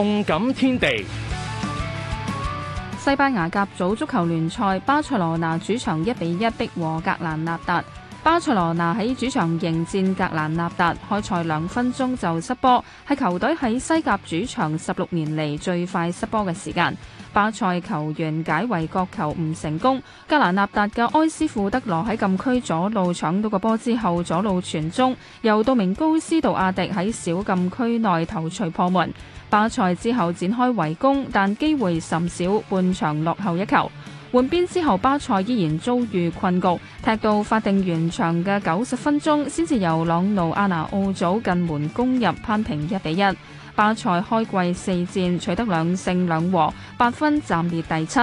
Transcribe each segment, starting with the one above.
動感天地，西班牙甲組足球聯賽，巴塞羅那主場一比一逼和格蘭納達。巴塞羅那喺主場迎戰格蘭納達，開賽兩分鐘就失波，係球隊喺西甲主場十六年嚟最快失波嘅時間。巴塞球員解圍角球唔成功，格蘭納達嘅埃斯庫德羅喺禁區左路搶到個波之後左路傳中，由杜明高斯杜亞迪喺小禁區內頭槌破門。巴塞之後展開圍攻，但機會甚少，半場落後一球。換邊之後，巴塞依然遭遇困局，踢到法定完場嘅九十分鐘，先至由朗奴阿拿奧祖近門攻入，攀平一比一。巴塞開季四戰取得兩勝兩和，八分暫列第七。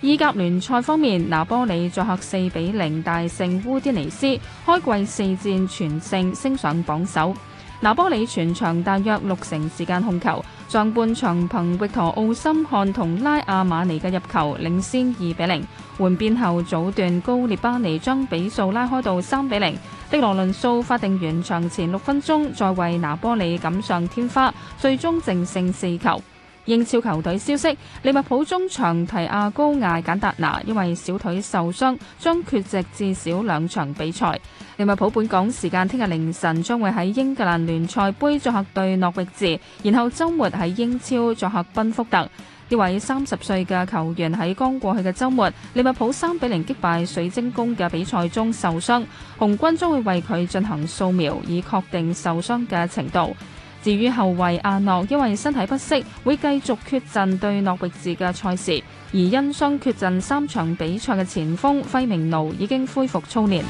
意甲聯賽方面，拿玻里作客四比零大勝烏迪尼斯，開季四戰全勝，升上榜首。拿波里全場大約六成時間控球，上半場憑域陀奧森漢同拉阿瑪尼嘅入球領先二比零。換邊後早段高列巴尼將比數拉開到三比零，迪羅倫素法定完場前六分鐘再為拿波里錦上添花，最終淨勝四球。英超球隊消息，利物浦中場提亞高亞簡達拿因為小腿受傷，將缺席至少兩場比賽。利物浦本港時間聽日凌晨將會喺英格蘭聯賽盃作客對諾域治，然後周末喺英超作客賓福特。呢位三十歲嘅球員喺剛過去嘅周末，利物浦三比零擊敗水晶宮嘅比賽中受傷，紅軍將會為佢進行掃描，以確定受傷嘅程度。至於後衛阿諾，因為身體不適，會繼續缺陣對諾域治嘅賽事；而因傷缺陣三場比賽嘅前鋒費明奴已經恢復操練。